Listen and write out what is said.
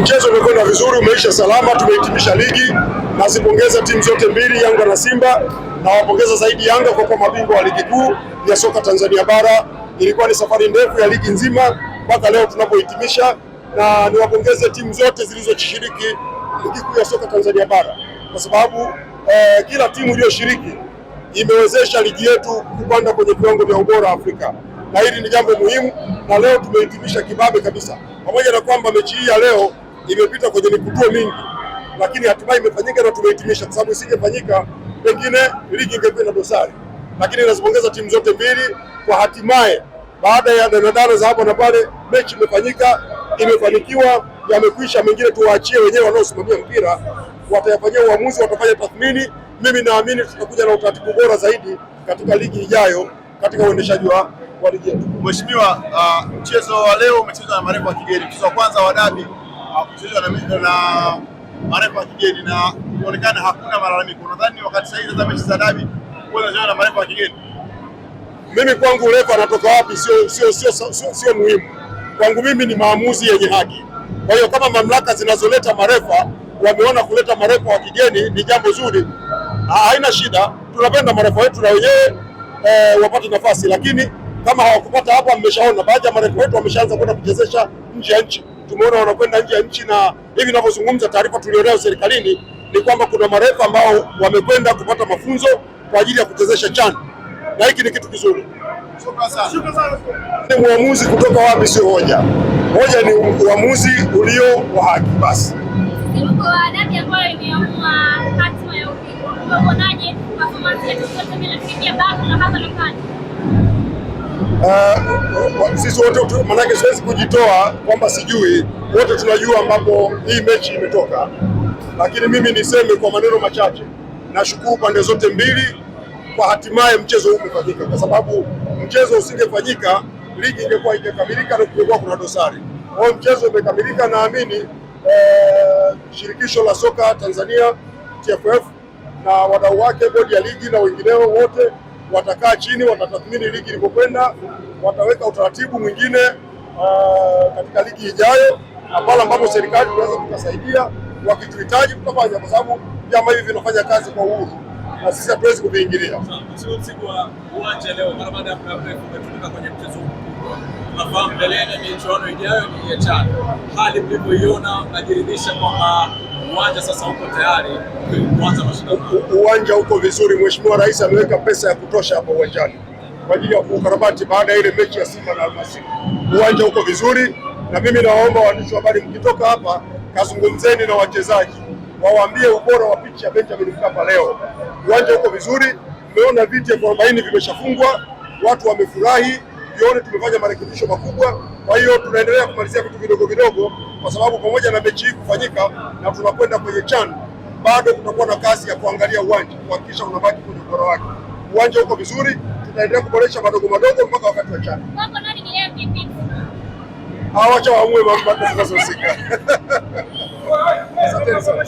Mchezo umekwenda vizuri, umeisha salama, tumehitimisha ligi. Nazipongeza timu zote mbili, Yanga na Simba. Nawapongeza zaidi Yanga kwa kuwa mabingwa wa ligi kuu ya soka Tanzania Bara. Ilikuwa ni safari ndefu ya ligi nzima mpaka leo tunapohitimisha, na niwapongeze timu zote zilizoshiriki ligi kuu ya soka Tanzania Bara kwa sababu eh, kila timu iliyoshiriki imewezesha ligi yetu kupanda kwenye viwango vya ubora Afrika, na hili ni jambo muhimu, na leo tumehitimisha kibabe kabisa, pamoja na kwamba mechi hii ya leo imepita kwenye mikutuo mingi, lakini hatimaye imefanyika na tumehitimisha, kwa sababu isingefanyika pengine ligi ingekuwa na dosari. Lakini nazipongeza timu zote mbili kwa hatimaye, baada ya danadana za hapa na pale, mechi imefanyika, imefanikiwa, yamekwisha. Mengine tuwaachie wenyewe wanaosimamia mpira, watayafanyia uamuzi, watafanya tathmini. Mimi naamini tutakuja na utaratibu bora zaidi katika ligi ijayo, katika uendeshaji wa ligi yetu. Mheshimiwa, uh, mchezo wa leo umechezwa na marengo wa kigeni, mchezo wa kwanza wa dabi kuchezwa na marefu wa kigeni na kuonekana hakuna malalamiko. Nadhani wakati sahihi za mechi za dabi kuwa na marefu wa kigeni. Mimi kwangu refa anatoka wapi sio sio sio sio muhimu kwangu, mimi ni maamuzi yenye haki. Kwa hiyo kama mamlaka zinazoleta marefa wameona kuleta marefa wa kigeni ni jambo zuri, haina shida, tunapenda marefa wetu na wenyewe eh, wapate nafasi, lakini kama hawakupata hapa, mmeshaona baadhi ya marefa wetu wameshaanza kwenda kuchezesha nje ya nchi tumeona wanakwenda nje ya nchi, na hivi ninavyozungumza, taarifa tulionayo serikalini ni kwamba kuna marefa ambao wamekwenda kupata mafunzo kwa ajili ya kuchezesha CHAN, na hiki ni kitu kizuri. Ni muamuzi kutoka wapi? Sio hoja, hoja ni uamuzi ulio wa haki. Basi uh, sisi wote manake, siwezi kujitoa kwamba sijui, wote tunajua ambapo hii mechi imetoka, lakini mimi niseme kwa maneno machache, nashukuru pande zote mbili kwa hatimaye mchezo huu umefanyika, kwa sababu mchezo usingefanyika ligi ingekuwa haijakamilika na kungekuwa kuna dosari. Kwa hiyo mchezo umekamilika, naamini eh, shirikisho la soka Tanzania TFF na wadau wake, bodi ya ligi na wengineo wote watakaa chini, watatathmini ligi ilivyokwenda, wataweka utaratibu mwingine uh, katika ligi ijayo, na pale ambapo serikali tunaweza kutusaidia wakituhitaji, tutafanya kwa sababu vyama hivi vinafanya kazi kwa uhuru na sisi hatuwezi kuviingilia. mbeleni michuano ijayo ni ya CHAN, hali mlivyoiona kwamba uwanja sasa uko tayari kuanza mashindano. Uwanja uko vizuri, Mheshimiwa Rais ameweka pesa ya kutosha hapa uwanjani kwa ajili ya kukarabati baada ya ile mechi ya Simba na Almasiri. Uwanja uko vizuri, na mimi nawaomba waandishi wa habari, mkitoka hapa kazungumzeni na wachezaji, wawaambie ubora wa pichi ya Benjamin Mkapa leo. Uwanja uko vizuri, mmeona viti elfu arobaini vimeshafungwa, watu wamefurahi, vione tumefanya marekebisho makubwa kwa hiyo tunaendelea kumalizia vitu vidogo vidogo, kwa sababu pamoja na mechi hii kufanyika na tunakwenda kwenye CHAN, bado kutakuwa na kazi ya kuangalia uwanja, kuhakikisha unabaki kwenye ubora wake. Uwanja uko vizuri, tutaendelea kuboresha madogo madogo mpaka wakati wa CHAN. Awacha ah, waamue mambo. Asanteni sana.